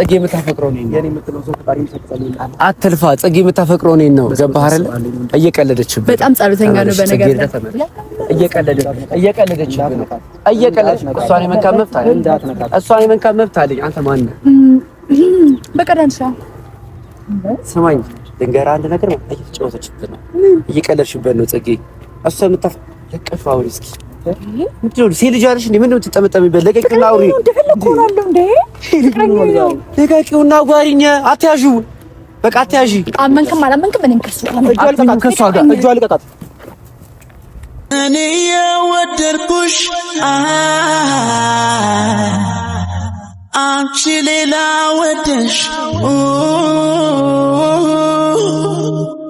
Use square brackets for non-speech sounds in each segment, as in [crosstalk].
ጽጌ የምታፈቅረው እኔን ነው። አትልፋ። ጽጌ የምታፈቅረው እኔን ነው። ገባህ አይደል? እየቀለደችብህ በጣም ጸሎተኛ ነው። በነገር እሷን የመንካት መብት አለኝ። አንተ ማን ነህ? በቀደም ስማኝ፣ ድንገራ አንድ ነገር ነው። እየተጫወተችብህ ነው፣ እየቀለድሽበት ነው ጽጌ እሷ የምታፈቅረው ሴት ልጅ አለሽ እንዴ? ምንድን ነው የምትጠመጠሚበት? ለቀቂውና አውሪ ለቀቂውና አትያዥ በቃ አትያዥ። አመንክም አላመንክም እጇ ልቀቃት። እኔ የወደድኩሽ አንቺ ሌላ ወደሽ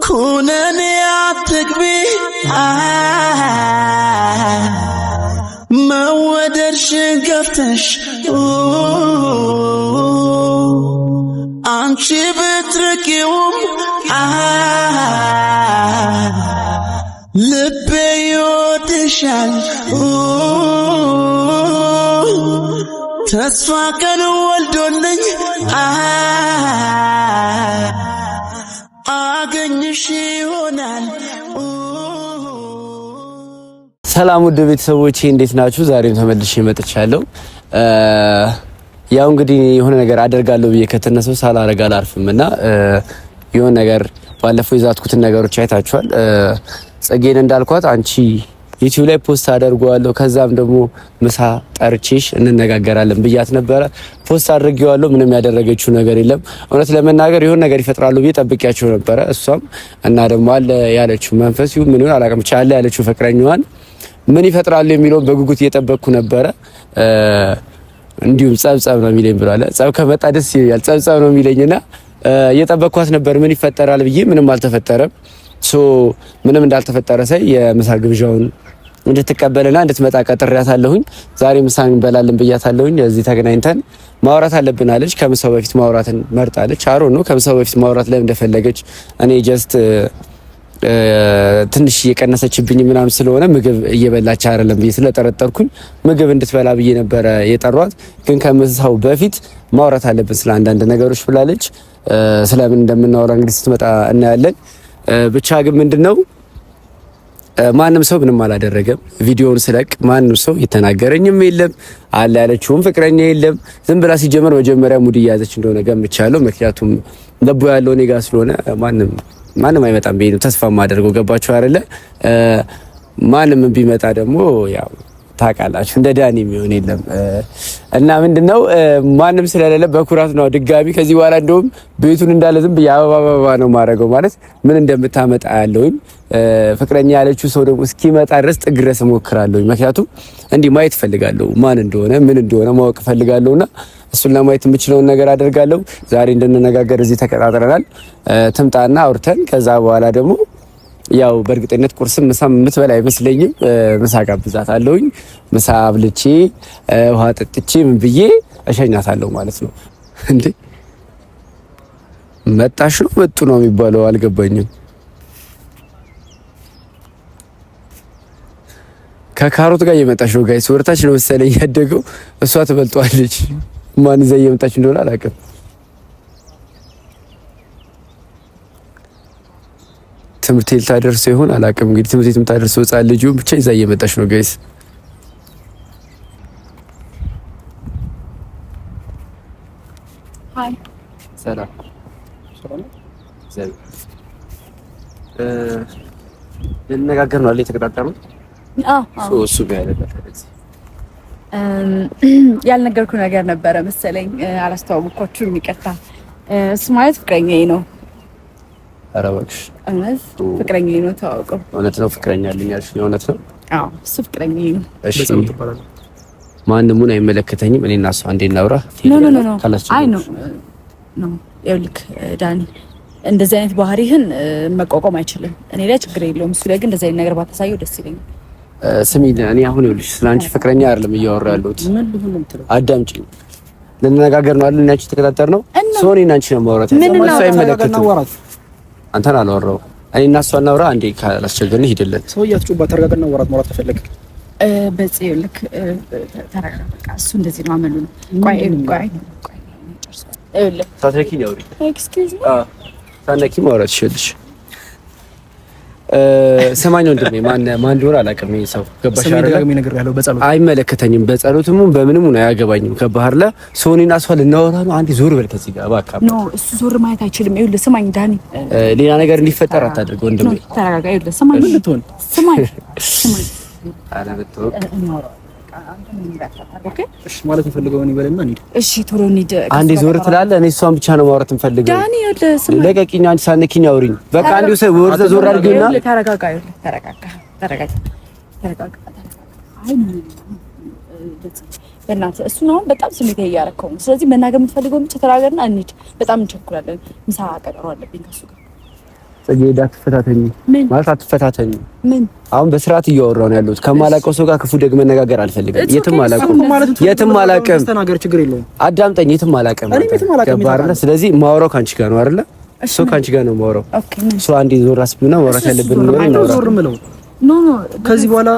ኩነኔ አትግቢ ገፍተሽ አንቺ ብትርቂውም ልቤ ይወድሻል ተስፋ ቀን ወልዶልኝ ሰላም ውድ ቤተሰቦቼ እንዴት ናችሁ? ዛሬም ተመልሼ መጥቻለሁ። ያው እንግዲህ የሆነ ነገር አደርጋለሁ ብዬ ከተነሰው ሳላረግ አላርፍም እና የሆነ ነገር ባለፈው የዛትኩትን ነገሮች አይታችኋል። ጽጌን እንዳልኳት አንቺ ዩቲዩብ ላይ ፖስት አደርገዋለሁ ከዛም ደግሞ ምሳ ጠርቼሽ እንነጋገራለን ብያት ነበረ። ፖስት አድርጌዋለሁ። ምንም ያደረገችው ነገር የለም። እውነት ለመናገር የሆነ ነገር ይፈጥራሉ ብዬ ጠብቂያቸው ነበረ። እሷም እና ደግሞ አለ ያለችው መንፈስ ይሁን ምን ይሁን አላውቅም፣ ብቻ አለ ያለችው ፍቅረኛዋን ምን ይፈጥራሉ የሚለውን በጉጉት እየጠበቅኩ ነበረ። እንዲሁም ጸብጸብ ነው የሚለኝ ብሏል። ጸብ ከመጣ ደስ ይላል። ጸብጸብ ነው የሚለኝና እየጠበቅኳት ነበር ምን ይፈጠራል ብዬ። ምንም አልተፈጠረም። ሶ ምንም እንዳልተፈጠረ ሳይ የምሳ ግብዣውን እንድትቀበልና እንድትመጣ ቀጥሬያታለሁኝ። ዛሬ ምሳ እንበላለን ብያታለሁኝ። እዚህ ተገናኝተን ማውራት አለብን አለች። ከምሳው በፊት ማውራትን መርጣለች። አሮ ነው ከምሳው በፊት ማውራት ለምን እንደፈለገች እኔ ጀስት ትንሽ እየቀነሰችብኝ ምናምን ስለሆነ ምግብ እየበላች አይደለም ብዬ ስለጠረጠርኩኝ ምግብ እንድትበላ ብዬ ነበረ የጠሯት። ግን ከምሳው በፊት ማውራት አለብን ስለ አንዳንድ ነገሮች ብላለች። ስለምን እንደምናወራ እንግዲህ ስትመጣ እናያለን። ብቻ ግን ምንድን ነው ማንም ሰው ምንም አላደረገም። ቪዲዮውን ስለቅ ማንም ሰው የተናገረኝም የለም አለ ያለችውም ፍቅረኛ የለም። ዝም ብላ ሲጀመር መጀመሪያ ሙድ እያያዘች እንደሆነ ገምቻለሁ። ምክንያቱም ለቦ ያለው እኔ ስለሆነ ማንም ማንም አይመጣም ብዬ ነው ተስፋ የማደርገው። ገባችሁ አይደለ? ማንም ቢመጣ ደግሞ ያው ታውቃላችሁ እንደ ዳኒ የሚሆን የለም እና ምንድነው ማንም ስለሌለ በኩራት ነው። ድጋሚ ከዚህ በኋላ እንደውም ቤቱን እንዳለ ዝም ብዬ አበባ አበባ ነው ማድረገው። ማለት ምን እንደምታመጣ ያለውኝ ፍቅረኛ ያለችው ሰው ደግሞ እስኪመጣ ድረስ ጥግ ድረስ እሞክራለሁኝ። ምክንያቱም እንዲህ ማየት እፈልጋለሁ፣ ማን እንደሆነ ምን እንደሆነ ማወቅ እፈልጋለሁና እሱን ለማየት የምችለውን ነገር አደርጋለሁ። ዛሬ እንድንነጋገር እዚህ ተቀጣጥረናል። ትምጣና አውርተን ከዛ በኋላ ደግሞ ያው በእርግጠኝነት ቁርስም ምሳም የምትበላ አይመስለኝም። ምሳ ጋብዛት አለውኝ። ምሳ አብልቼ ውሃ ጠጥቼ ምን ብዬ እሸኛታለሁ ማለት ነው። እንዴ መጣሽ ነው መጡ ነው የሚባለው? አልገባኝም። ከካሮት ጋር እየመጣሽ ነው ጋይስ። ወርታች ነው መሰለኝ ያደገው። እሷ ትበልጧለች። ማን ይዛ እየመጣች እንደሆነ አላውቅም። ትምህርት ልታደርሰው ይሆን አላውቅም። እንግዲህ ትምህርት የምታደርሰው ህጻን ልጁን ብቻ ይዛ እየመጣች ነው ጋይስ። ሰላም ልንነጋገር ነው አለ የተቀጣጠሩት እሱ ጋር ያለበት ያልነገርኩ ነገር ነበረ መሰለኝ አላስተዋወቅኳችሁ። የሚቀጣ እሱ ማለት ፍቅረኛዬ ነው። ኧረ እባክሽ እውነት ፍቅረኛዬ ነው። ተዋውቀው እውነት ነው። ፍቅረኛ አለኝ አልሽ? የእውነት ነው? እሱ ፍቅረኛዬ ነው። እሺ ማንም ምን አይመለከተኝም። እኔና እሱ አንዴ እናውራ። ኖ ኖ ኖ አይ ኖ ኖ ይኸውልህ ዳኒ እንደዚህ አይነት ባህሪህን መቋቋም አይችልም። እኔ ላይ ችግር የለውም፣ እሱ ላይ ግን እንደዚህ አይነት ነገር ባታሳየው ደስ ይለኛል። ስሚ እኔ አሁን ይኸውልሽ ስለ አንቺ ፍቅረኛ አይደለም እያወራ ያለሁት። አዳምጪኝ፣ ልንነጋገር ነው አለ እኔ አንቺ ነው ሲሆን ናንቺ ነው ማውራት ያለው አንተን አላወራሁም። እኔ እና እሷ እናውራ አንዴ፣ ካላስቸገርን ሂድልን። ሰው እያትጩባ ተረጋጋና ወራት ማውራት ከፈለግህ በጽ ልክ ተረጋ። እሱ እንደዚህ ነው አመሉ ነው። ቆይ ቆይ ቆይ፣ ሳትነኪኝ አውሪ። ኤክስኪውዝ ሚ ሳትነኪኝ ማውራት ይችላልሽ ሰማኝ ወንድሜ፣ ማን ማን እንደሆነ አላውቅም። ይሄ ሰው ገባሽ በጸሎት አይመለከተኝም። በጸሎትም በምንም ነው አያገባኝም። ከባህር ላይ ሶኒና እሷ ልናወራ ነው። አንዴ ዞር በል ከዚህ ጋር እባክህ። ኖ እሱ ዞር ማለት አይችልም። ይኸውልህ ስማኝ፣ ዳኒ፣ ሌላ ነገር እንዲፈጠር አታድርግ ወንድሜ። ተረጋጋ። ይኸውልህ ስማኝ፣ ምን ልትሆን ስማኝ፣ ስማኝ፣ ኧረ ብትሆን እሺ ማለት የምፈልገው ነው በለና እንሂድ። እሺ ቶሎ እንሂድ። አንዴ ዞር ትላለህ። እኔ እሷን ብቻ ነው ማውራት የምፈልገው። ዳኒ ለቀቂኝ፣ አንቺ ሳትነኪኝ አውሪኝ። በቃ አንዴ ሰው ወር ዞር አድርጊና ተረጋጋ። ተረጋጋ፣ ተረጋጋ፣ ተረጋጋ። አይ በእናትህ እሱን አሁን በጣም ስሜት እያረከው ነው። ስለዚህ መናገር የምትፈልገውን ብቻ ተናገርና እንሂድ። በጣም እንቸኩላለን። ምሳ ቀጠሮ አለብኝ ከእሱ ጋር ጽጌ ሄዳ አትፈታተኝ ማለት አትፈታተኝ። አሁን በስርዓት እያወራሁ ነው ያለሁት። ከማላውቀው ሰው ጋር ክፉ ደግ መነጋገር አልፈልግም። የትም አላውቅም፣ የትም አላውቅም። አዳምጠኝ። የትም አላውቅም። ስለዚህ ማውራው ከአንቺ ጋር ነው አይደለ? እሱ ከአንቺ ጋር ነው ማውራው። እሱ አንዴ ዞር አስብና ማውራት ያለብን ነው ነው ኖ ኖ ከዚህ በኋላ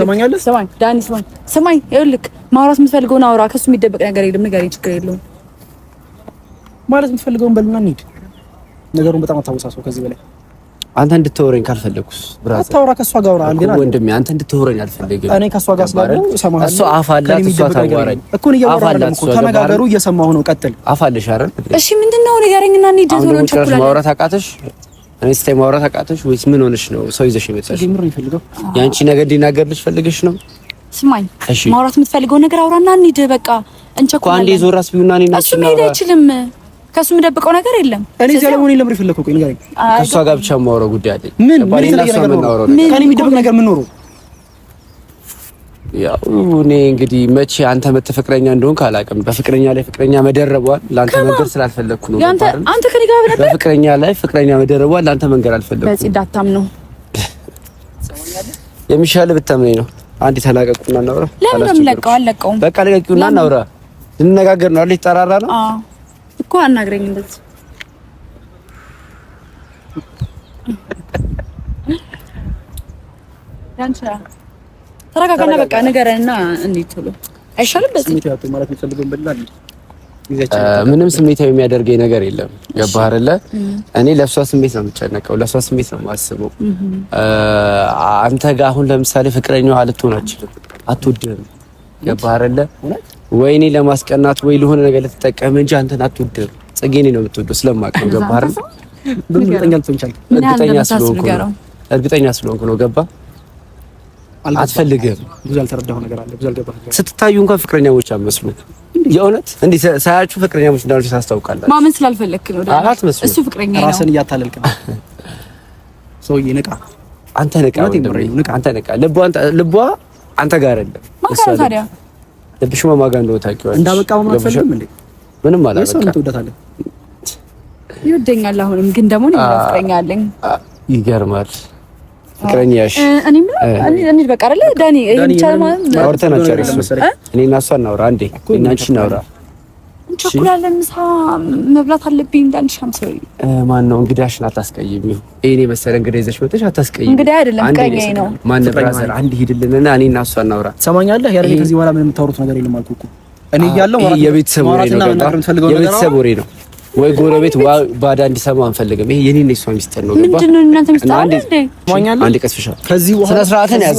ሰማኛለህ። ሰማኝ ዳኒ ሰማኝ ሰማኝ። ይኸውልህ ማውራት የምትፈልገውን አውራ። ከሱ የሚደበቅ ነገር የለም። ንገረኝ፣ ችግር የለውም። ማለት የምትፈልገውን በልና እንሂድ ነገሩን በጣም አታወሳሰው ከዚህ በላይ አንተ እንድትወረኝ ካልፈለኩስ ብራዘር አታውራ። ከሷ ጋር አውራ አንዴና ነው ወንድሜ። አንተ እንድትወረኝ አልፈልግም እኔ ከሷ ጋር ስላለው እሰማሃለሁ። እሱ አፋላ አላት፣ እሷ ታወራኝ እኮ ነው። እያወራን እኮ ተነጋገሩ። እየሰማሁ ነው። ቀጥል። አፍ አለሽ አይደል? እሺ፣ ምንድነው ንገረኝ እና እንሂድ። ቶሎ እንቸኩላለን። ማውራት አቃተሽ? እኔ ስታይ ማውራት አቃተሽ ወይስ ምን ሆነሽ ነው? ሰው ይዘሽ የመጣሽ ያንቺ ነገር ሊናገርልሽ ፈልገሽ ነው? ስማኝ፣ እሺ ማውራት የምትፈልገው ነገር አውራና እንሂድ። በቃ እንቸኩላ አንዴ ዞራስ አስቢውና እኔ እናችሁ እሱ መሄድ አይችልም ከሱ የምደብቀው ነገር የለም። እኔ እዚህ ለምን የለም የፈለኩ ቆይ ንገረኝ። ከእሷ ጋር ብቻ የማወራው ጉዳይ አለኝ። ምን ምን የሚደብቅ ነገር ምን ኖሮ? ያው እኔ እንግዲህ መቼ አንተ መተፈቅረኛ እንደሆን አላውቅም። በፍቅረኛ ላይ ፍቅረኛ መደረቧን ለአንተ መንገር ስላልፈለግኩ ነው። አንተ አንተ ከኔ ጋር ነበር። በፍቅረኛ ላይ ፍቅረኛ መደረቧን ለአንተ መንገር አልፈለግኩም። በዚህ ዳታም ነው [laughs] የሚሻልህ ብታምነኝ ነው። አንድ ተላቀቁና እናውራ። ለምን ለቀው አለቀውም። በቃ ለቀቂውና እናውራ። ልንነጋገር ነው አይደል? ይጠራራ ነው እኮ አናግረኝ እንደዚህ ያንቺ ተረጋጋና፣ በቃ ንገረንና እንይትሉ አይሻልም? በዚህ ምንም ስሜታዊ የሚያደርገኝ ነገር የለም። ገባህ አይደለ? እኔ ለእሷ ስሜት ነው የምጨነቀው፣ ለእሷ ስሜት ነው የማስበው። አንተ ጋር አሁን ለምሳሌ ፍቅረኛዋ ልትሆን አትችልም፣ አትወድህም። ገባህ አይደለ? ወይ እኔ ለማስቀናት ወይ ለሆነ ነገር ልትጠቀም እንጂ አንተን አትወድም። ጽጌኔ ነው የምትወደው ስለማውቅ ነው። እርግጠኛ ስለሆንኩ ነው። ገባ አትፈልግም። ብዙ ያልተረዳኸው ነገር አለ። ብዙ ያልገባህ ስትታዩ እንኳን ፍቅረኛሞች አመስሉ የእውነት እንዴ ሳያችሁ ፍቅረኛሞች እንዳሉ ታስታውቃላችሁ። ማመን ስላልፈለክ ነው። እሱ ፍቅረኛ ነው። ራስን እያታለልክ ነው። ሰውዬ ንቃ። አንተ ንቃ። አንተ ንቃ። ልቧ አንተ ጋር አይደለም። ልብሽ ማማጋ እንደው ታውቂዋለሽ። እንዳበቃ ማማፈልም እንዴ ምንም አላበቃ ሰው ትወዳታለህ፣ ይወደኛል። አሁንም ግን ደግሞ ነው ይናፍቀኛለኝ። ይገርማል። ፍቅረኛሽ እኔ ምን እኔ እኔ በቃ አይደለ ዳኒ ይቻላል ማለት ነው። አውርተናል። ጨርሰን እኔ እና እሷ እናውራ አንዴ፣ እኔ እና አንቺ እናውራ እንቸኩላለን። ምሳ መብላት አለብኝ እንዳልሽ አምሰሪ ማን ነው እንግዳሽን አታስቀይሚው። እኔ መሰለ እንግዳ ይዘሽ መጥተሽ አታስቀይሚው። እንግዳ አይደለም ቀኝ ነው ማን ብራዘር፣ አንድ ሂድልንና እኔ እና እሷ እናውራ። ሰማኛለህ? ያለ ከዚህ በኋላ ምንም የምታወሩት ነገር የለም አልኩህ እኮ እኔ እያለሁ የቤተሰብ ወሬ ነው፣ የቤተሰብ ወሬ ነው ወይ ጎረቤት ባዳ እንዲሰማ አንፈልግም። ይሄ የኔ ነው፣ እሷ ሚስጥር ነው። ምንድን እናንተ ሚስጥር አለ እንዴ? ከዚህ በኋላ ስነ ስርዓትን ያዝ።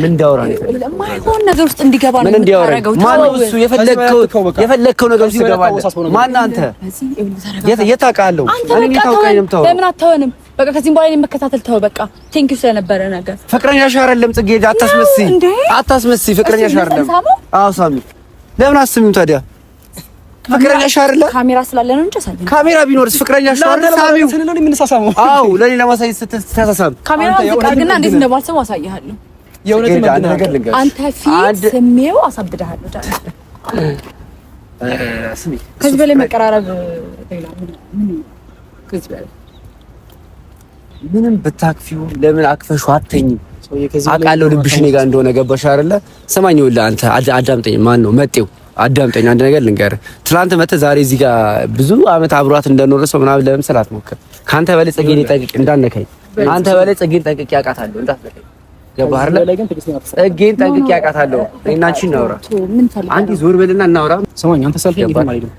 ምን እንዳወራ ማይሆን ነገር ውስጥ እንዲገባ ነው የምታደርገው። ማን ነው እሱ? የፈለግከው የፈለግከው ነገር ውስጥ ትገባለህ። ማን አንተ? የት አውቃለሁ? አንተ ታውቀኝ ነው የምታወራው። ለምን አትተወንም? በቃ ከዚህም በኋላ እኔን መከታተል ተው። በቃ ቴንክ ዩ ስለነበረ ነገር ፍቅረኛሽ አይደለም ጽጌ፣ አታስመስይ፣ አታስመስይ። ፍቅረኛሽ አይደለም። አዎ ሳሚ፣ ለምን አስሚም ታዲያ ፍቅረኛሽ አይደለ? ካሜራ ስላለ ነው እንጂ ካሜራ ቢኖርስ ፍቅረኛሽ አይደለም። ሳሚው፣ አዎ ለኔ ለማሳየት ስትተሳሳም ካሜራ ዝቅ አድርግና እንዴት እንደማስበው አሳይሃለሁ። የእውነት አንተ ፊት ስሜው አሳብደሃለሁ። ከዚህ በላይ መቀራረብ ምንም ብታክፊው ለምን አክፈሹ አተኝም አውቃለሁ ልብሽ እኔ ጋር እንደሆነ ገባሽ አይደለ? ሰማኝ። ይኸውልህ አንተ አዳምጠኝ። ማን ነው መጤው? አዳምጠኝ፣ አንድ ነገር ልንገርህ። ትናንት መተህ ዛሬ እዚህ ጋር ብዙ አመት አብሯት እንደኖረ ሰው ምናምን ለምስል አትሞክር። ከአንተ በላይ ጽጌን ጠቅቄ እንዳትነካኝ። አንተ በላይ ጽጌን ጠቅቄ አውቃታለሁ፣ እንዳትነካኝ ገባህ? ፅጌን ጠንቅቄ አውቃታለሁ። እኔና አንቺ እናውራ። አንቺ ዞር በልና እናውራ። ስማኝ አንተ ሰልፍ የትም አልሄድም።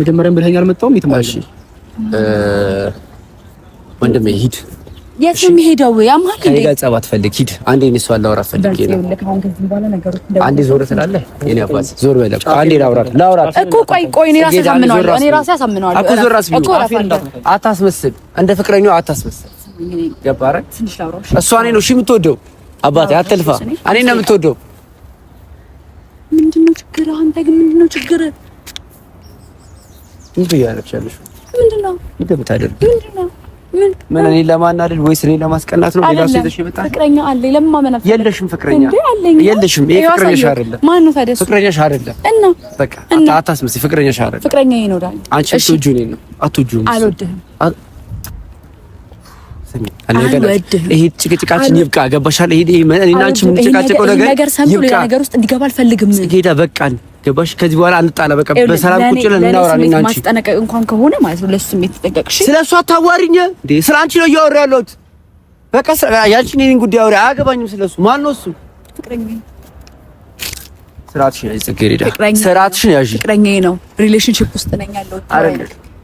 መጀመሪያም ብለኸኝ አልመጣሁም። የትም አልሄድም። ወንድሜ ሂድ። የት ነው የሄደው? ያማል እንዴ? ከገጸብ አትፈልግ። ሂድ። አንዴ እኔ እሷን ላውራት ፈልጌ ነው። አንዴ ዞር ትላለህ። የኔ አባት ዞር በል። አንዴ ላውራት ላውራት እኮ ቆይ ቆይ፣ እኔ ራሴ አሳምነዋለሁ። እኔ ራሴ አሳምነዋለሁ እኮ ዞር ራስ አታስመስል። እንደ ፍቅረኛው አታስመስል እሷ እኔ ነው ሺ የምትወደው። አባቴ አትልፋ፣ እኔ ነው የምትወደው። ምንድነው ችግር? አንተ ግን ምንድነው ችግር? እንዴ ያረቻለሽ ምንድነው? ምንድነው? ምን እኔ ለማናደድ ወይስ እኔ ለማስቀናት ነው? ሌላ ሰው ፍቅረኛ አለ? የለሽም። ፍቅረኛ የለሽም። ይሄ ፍቅረኛሽ አይደለም። ማን ነው ፍቅረኛሽ እና በቃ አታስመስይ። ፍቅረኛሽ ፍቅረኛዬ ነው አንቺ ነው? ይሄ ጭቅጭቃችን ይብቃ። ገባሻል? ነገር ሰምቶ ሌላ ነገር ውስጥ እንዲገባ አልፈልግም። ጌታ በቃን። ገባሽ? ከዚህ በኋላ አንጣላ። በቃ በሰላም ቁጭ ብለን እናውራ። እኔና አንቺ ማስጠነቀቅ እንኳን ከሆነ ማለት ነው ለሱ ስሜት ስለ እሱ አታዋሪኝ እንዴ! ስለ አንቺ ነው እያወራ ያለሁት። በቃ ያንቺ ነኝ ጉዳይ አውሪ። አያገባኝም ስለ እሱ። ማን ነው እሱ? ፍቅረኛዬ። ስርዓትሽን ያዥ ጽጌረዳ፣ ስርዓትሽን ያዥ። ፍቅረኛዬ ነው። ሪሌሽንሺፕ ውስጥ ነኝ ያለሁት።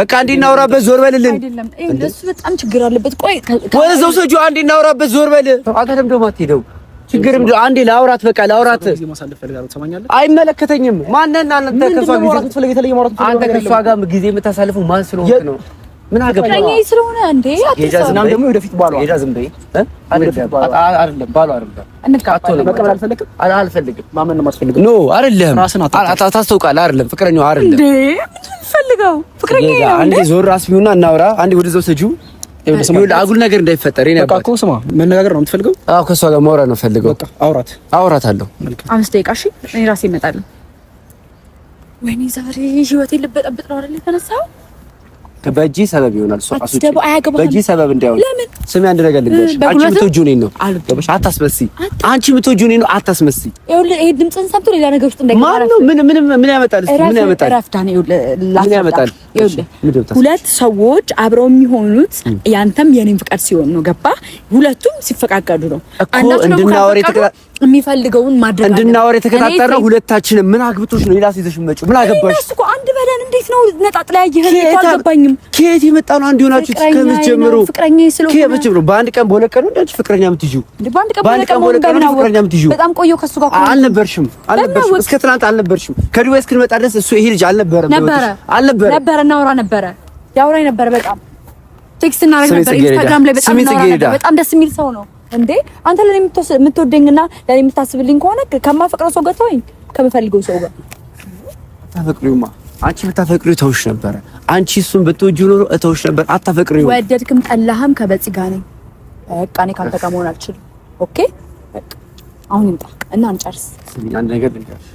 በቃ አንዴ እናውራበት፣ ዞር በልልን። እሱ በጣም ችግር አለበት። ቆይ ወደዛው ሰጁ፣ አንዴ ዞር በል። አታተም ደግሞ አትሄደው ችግርም አንዴ ላውራት፣ በቃ ላውራት። አይመለከተኝም። ማን ነህ አንተ? ከእሷ ጋር ጊዜ የምታሳልፈው ማን ስለሆንክ ነው? ምን አገባኝ ስለሆነ እንዴ የጃዝናም ደግሞ ወደፊት ባሏ የጃዝም በይ አይደለም ባሏ አይደለም ፍቅረኛው አይደለም እንዴ ፈልገው ፍቅረኛ አንዴ ዞር ራስ ቢሆንና እናውራ አንዴ ወደዛው ሰጂው አጉል ነገር እንዳይፈጠር እኔ አባክ እኮ ስማ፣ መነጋገር ነው የምትፈልገው? አዎ ከእሷ ጋር ማውራት ነው ፈልገው። በቃ አውራት አውራት አለው። አምስት ደቂቃ እሺ፣ እኔ ራሴ እመጣለሁ። ወይኔ ዛሬ ህይወቴን ልበጠብጥ ነው አይደል የተነሳኸው? በእጅ ሰበብ ይሆናል። ሶፋ ሱጭ በእጅ ሰበብ እንዳይሆን ስሚ፣ አንድ ነገር ልንገርሽ። አንቺ የምትወጂው እኔን ነው፣ አታስመስይ። አንቺ የምትወጂው እኔን ነው፣ አታስመስይ። ይሄ ድምፅህን ሰምቶ ሌላ ነገር ውስጥ እንዳይገባ ምን ምን ምን ያመጣል? ምን ያመጣል? ምን ያመጣል? ሁለት ሰዎች አብረው የሚሆኑት ያንተም የኔን ፍቃድ ሲሆን ነው። ገባ? ሁለቱም ሲፈቃቀዱ ነው እኮ እንድናወር የሚፈልገውን ማድረግ እንድናወር የተከታተልነው ሁለታችንም። ምን አግብቶሽ ነው ሌላ ሴት ይዘሽ መጪው? ምን አገባሽ እኮ አንድ በለን። እንዴት ነው ነጣጥ ላይ ያየህ? አልገባኝም ግን ከየት የመጣ ነው? አንድ ሆናችሁ ከምትጀምሩ ፍቅረኛ ከየት ነው? በአንድ ቀን በሁለት ቀን እንዳችሁ ፍቅረኛ የምትይዙ በአንድ ቀን በሁለት ቀን ፍቅረኛ የምትይዙ በጣም ቆየሁ ከሱ ጋር አልነበርሽም፣ አልነበርሽም እስከ ትናንት አልነበርሽም። ከዱባይ እስክንመጣ ድረስ እሱ ይሄ ልጅ አልነበረም። ነበር አልነበረ ነበረ እናወራ ነበረ ያውራ ነበረ በጣም ቴክስት እናደርግ ነበር። ኢንስታግራም ላይ በጣም እናወራ ነበር። በጣም ደስ የሚል ሰው ነው። እንዴ አንተ ለኔ የምትወደኝና ለኔ የምታስብልኝ ከሆነ ከማፈቅረው ሰው ጋር ተወኝ፣ ከምፈልገው ሰው ጋር ታፈቅሪውማ አንቺ የምታፈቅሪው ተውሽ ነበረ አንቺ እሱን ብትወጂው ኖሮ እተውሽ ነበር። አታፈቅሪው። ወደድክም ጠላህም ከበጽ ጋር ነኝ። በቃ እኔ ካንተ ጋር መሆን አልችልም። ኦኬ አሁን እንጣ እና አንጨርስ። አንድ ነገር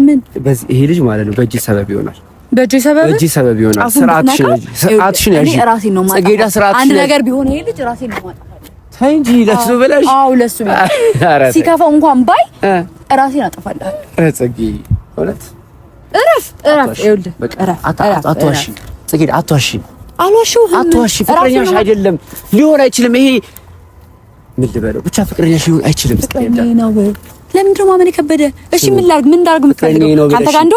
ምን በዚህ ይሄ ልጅ ማለት ነው በእጅ ሰበብ ይሆናል በእጅ ሰበብ በእጅ ሰበብ ይሆናል። ስርዓትሽን ስርዓትሽን ያዢ። ጽጌዳ ስርዓትሽን አንድ ነገር ቢሆን ይሄ ልጅ ራሴን ነው ማጣ ተይ እንጂ ለሱ ብለሽ። አዎ ለሱ ነው። ሲከፋው እንኳን ባይ ራሴን አጠፋለሁ። ጽጌ እረፍ እረፍ፣ ይኸውልህ እረፍ፣ አትዋሺ ጽጌ አትዋሺ። አልዋሽም። አትዋሺ። ፍቅረኛሽ አይደለም ሊሆን አይችልም። ይሄ ምን ልበለው ብቻ ፍቅረኛሽ ሊሆን አይችልም። ነው ለምንድነው ማመን የከበደ? እሺ ምን ላድርግ? ምን ላድርግ? የምትፈልገው አንተ ጋር አንተ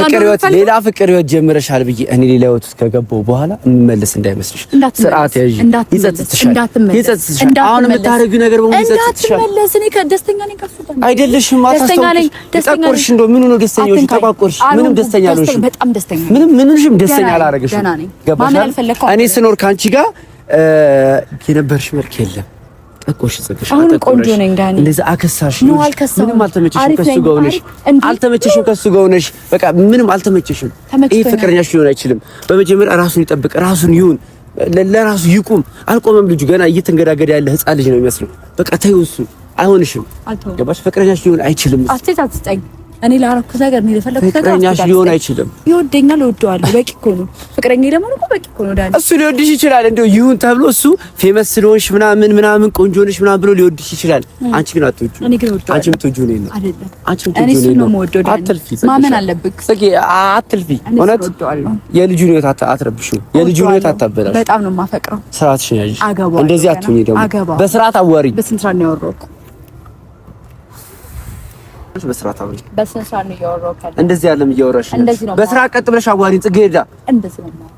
የፍቅር ህይወት ሌላ ፍቅር ህይወት ጀምረሻል ብዬ እኔ ሌላ ህይወት ውስጥ ከገባሁ በኋላ እምመለስ እንዳይመስልሽ፣ ስርዓት ያዥ። ይጸጽትሻል፣ ይጸጽትሻል። አሁን የምታደርጊው ነገር በሙሉ ይጸጽትሻል። እኔ ከደስተኛ ነኝ ከሱ ጋር አይደለሽም። ነኝ። ጠቆርሽ። እንደው ምን ነው ደስተኛ ሆንሽ? ተቋቆርሽ። ምንም ደስተኛ ደስተኛ በጣም አልሆንሽም። ምንም ምንሽም ደስተኛ አላደረገሽም። ገባሽ? እኔ ስኖር ከአንቺ ጋር የነበርሽ መልክ የለም ጠቆሽ ጽግሽ አሁን ቆንጆ ነኝ ዳኒ። እንደዛ አከሳሽ ነው አልከሳሽ። ምንም አልተመቸሽም ከሱ ጋር ሆነሽ አልተመቸሽም ከሱ ጋር ሆነሽ በቃ ምንም አልተመቸሽም። ይሄ ፍቅረኛሽ ሊሆን አይችልም። በመጀመሪያ ራሱን ይጠብቅ፣ ራሱን ይሁን፣ ለራሱ ይቁም። አልቆመም ልጁ ገና እየተንገዳገደ ያለ ህፃን ልጅ ነው የሚመስለው። በቃ ተይው፣ እሱ አይሆንሽም። ገባሽ? ፍቅረኛሽ ሊሆን አይችልም። አትስጠኝ እኔ ላረኩት ነገር ነው የፈለኩት ነገር ፍቅረኛሽ ሊሆን አይችልም። ይወደኛል፣ እወደዋለሁ። በቂ እኮ ነው። ፍቅረኛ ደግሞ ነው በቂ እኮ ነው። ዳኒ እሱ ሊወድሽ ይችላል፣ እንደው ይሁን ተብሎ እሱ ፌመስ ስለሆንሽ ምናምን ምናምን ቆንጆ ነሽ ምናምን ብሎ ሊወድሽ ይችላል። አንቺ ግን አትወጂው። እኔ ግን ወደዋለሁ። አንቺም ትወጂው ነው አይደለም። አንቺም ትወጂው ነው። እኔ እሱ ነው የምወደው። ዳኒ አትልፊ፣ ማመን አለብክ። ጽጌ አትልፊ። እውነት የልጁን ሕይወት አትረብሺው። የልጁን ሕይወት አታበላሽ። በጣም ነው የማፈቅረው። ስርዓትሽን ያዥ። እንደዚህ አትሁኚ። ደግሞ በስርዓት አዋሪ። በስንት ስራ ነው ያወራሁት ታውቂያለሽ። በስርዓት አውሪኝ። በስነ ስርዓት ነው እያወራሁ ካለ እንደዚህ ያለም እያወራሽ ነው። በስርዓት ቀጥ ብለሽ አዋሪኝ ጽጌረዳ። እንደዚህ ነው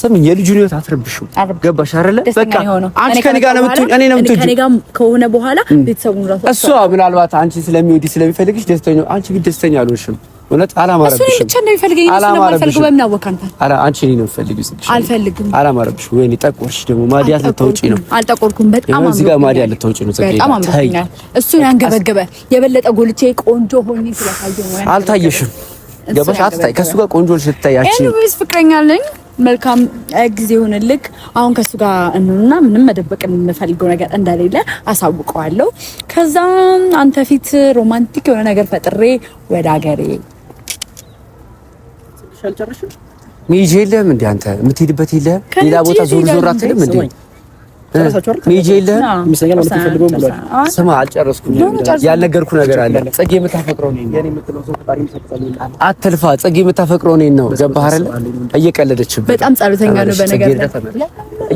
ስም የልጁን ህይወት አትረብሽው። ገባሽ አይደለ? በቃ አንቺ ከኔ ጋር ነው የምትሆኝ፣ እኔ ነው የምትሆኝ። ከኔ ጋር ከሆነ በኋላ ቤተሰቡን ራሱ እሷ ምናልባት አንቺ ስለሚወድ ስለሚፈልግሽ ደስተኛ አንቺ ግን ደስተኛ አልሆንሽም። እውነት አላማረብሽም። ብቻ እንደሚፈልገኝ ስለማልፈልገው በምን አወቅ? አንተ አንቺ ነው ነው። እሱን ያንገበገበ የበለጠ ጎልቼ ቆንጆ አልታየሽም? ገባሽ? አትታይ ጋር ቆንጆ ፍቅረኛ አለኝ። መልካም ጊዜ ይሁንልክ። አሁን ከእሱ ጋር እንሆንና ምንም መደበቅ የምፈልገው ነገር እንደሌለ አሳውቀዋለሁ። ከዛ አንተ ፊት ሮማንቲክ የሆነ ነገር ፈጥሬ ወደ ሀገሬ አልጨረስሽም? ሚሄጅ የለህም እንዴ አንተ? የምትሄድበት የለህም? ሌላ ቦታ ዞር ዞር አትልም እንዴ? ሚሄጅ የለህም? ስማ አልጨረስኩም። ያልነገርኩህ ነገር አለ። ጽጌ የምታፈቅረው አትልፋ። ጽጌ የምታፈቅረው ነው። ገባህ በጣም ጸሎተኛ ነው በነገር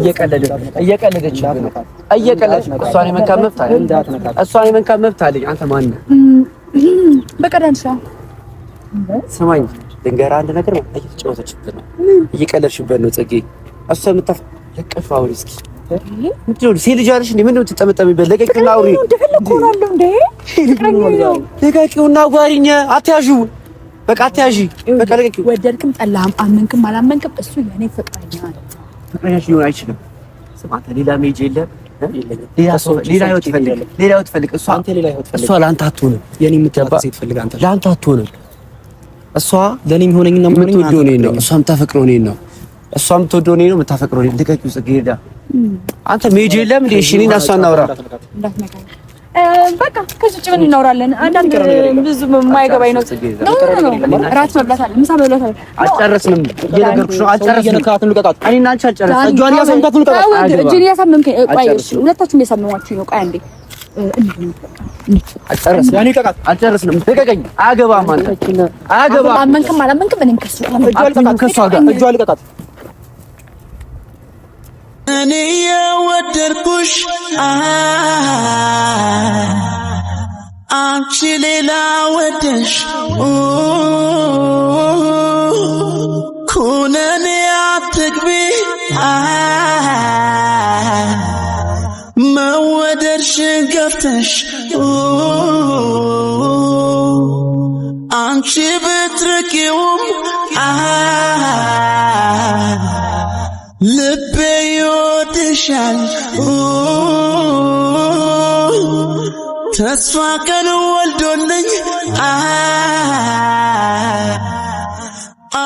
እየቀለደች እየቀለደች እሷን መብት አለኝ። እሷን መብት አለኝ። አንተ በቀደም ድንገራ አንድ ነገር እየተጫወተችበት ነው፣ እየቀለድሽበት ነው ፅጌ። እሷ የምታፍ ለቀሹ አውሪ እስኪ ምንድነው? ሴት ልጅ አለሽ እንዴ? ምንድነው ትጠመጠሚበት? ለቀቂውና አውሪ። ለቀቂውና አጓሪኝ። አትያዥ በቃ አትያዥ። በቃ ለቀቂ። ወደድክም ጠላህም፣ አመንክም አላመንክም እሱ የኔ ፍቅረኛ ነው። ፍቅረኛሽ ሊሆን አይችልም። ስማተ ሌላ ሜጅ የለም። ሌላ ህይወት ፈልግ፣ ሌላ ህይወት ፈልግ። እሷ ለአንተ አትሆንም። ለአንተ አትሆንም እሷ ለኔ የሚሆነኝ ነው የምትወደው እኔን ነው። እሷ የምታፈቅረው እኔን ነው። እሷ የምትወደው እኔን ነው የምታፈቅረው እኔን። ልቀቂው ጽጌ አንተ መሄድ የለም እንዴ? እሺ እኔና እሷ እናውራ በቃ። ከዚህ ውጭ ምን እናውራለን? አንዳንድ ብዙ የማይገባኝ ነው። እራት መብላት አለ፣ ምሳ መብላት አለ። አልጨረስንም፣ እየነገርኩሽ ነው። አልጨረስንም። እኔና አንቺ አልጨረስንም። እጇን እያሳምካት ልቀጣት። እጇን እያሳምምከኝ። ቆይ እሺ፣ ሁለታችሁም እያሳመማችሁኝ ነው። ቆይ አንዴ አልጨረስንም። ልቀቀኝ። አያገባህም አንተ አያገባህም። አመንክም አላመንክም እኔን ከእሱ አልቀቃት። እኔ የወደድኩሽ አንቺ ሌላ ወደሽ ኩነኔ አትግቢ መወደድሽ ገብተሽ አንቺ ብትርቂውም ልቤ ይወድሻል ተስፋ ቀን ወልዶልኝ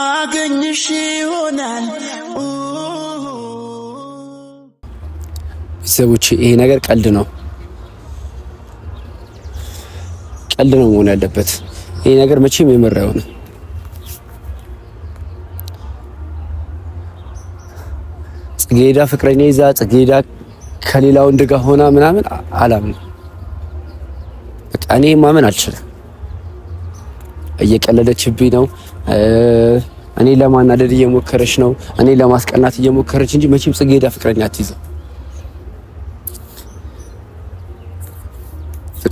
አገኝሽ ይሆናል ቤተሰቦች ይሄ ነገር ቀልድ ነው፣ ቀልድ ነው መሆን ያለበት። ይሄ ነገር መቼም የምር አይሆንም። ጽጌዳ ፍቅረኛ ይዛ ጽጌዳ ከሌላ ወንድ ጋር ሆና ምናምን አላምን። በቃ እኔ ማመን አልችልም። እየቀለደችብኝ ነው። እኔ ለማናደድ እየሞከረች ነው። እኔ ለማስቀናት እየሞከረች እንጂ መቼም ጽጌዳ ፍቅረኛ አትይዛ።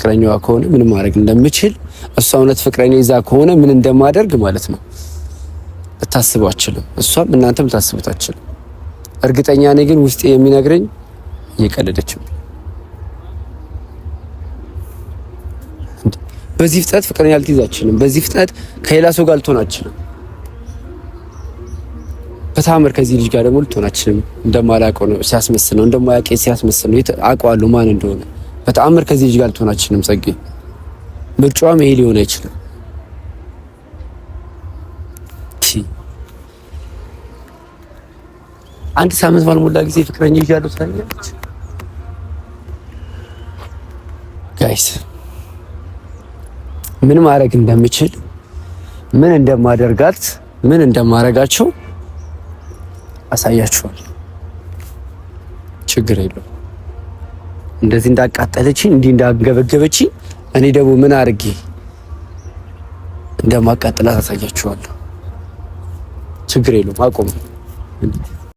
ፍቅረኛዋ ከሆነ ምን ማድረግ እንደምችል እሷ እውነት ፍቅረኛ ይዛ ከሆነ ምን እንደማደርግ ማለት ነው ልታስብ አችልም። እሷም እናንተም ልታስቡት አችልም። እርግጠኛ እኔ ግን ውስጤ የሚነግረኝ እየቀለደችም በዚህ ፍጥነት ፍቅረኛ ልትይዝ በዚህ ፍጥነት ከሌላ ሰው ጋር ልትሆን በታምር ከዚህ ልጅ ጋር ደግሞ ልትሆን እንደማላውቀው ነው ሲያስመስል ነው እንደማያውቅ ሲያስመስል ነው አውቀዋለሁ ማን እንደሆነ በተአምር ከዚህ ልጅ ጋር ልትሆናችንም ጸጌ ምርጫዋም ይሄ ሊሆን አይችልም። አንድ ሳምንት ባልሞላ ጊዜ ፍቅረኛ ይዣለሁ ትላለች። ጋይስ ምን ማድረግ እንደምችል ምን እንደማደርጋት ምን እንደማደርጋቸው አሳያችኋል። ችግር የለውም። እንደዚህ እንዳቃጠለችኝ እንዲህ እንዳንገበገበችኝ እኔ ደግሞ ምን አድርጌ እንደማቃጥላት አሳያችኋለሁ። ችግር የለውም አቁም።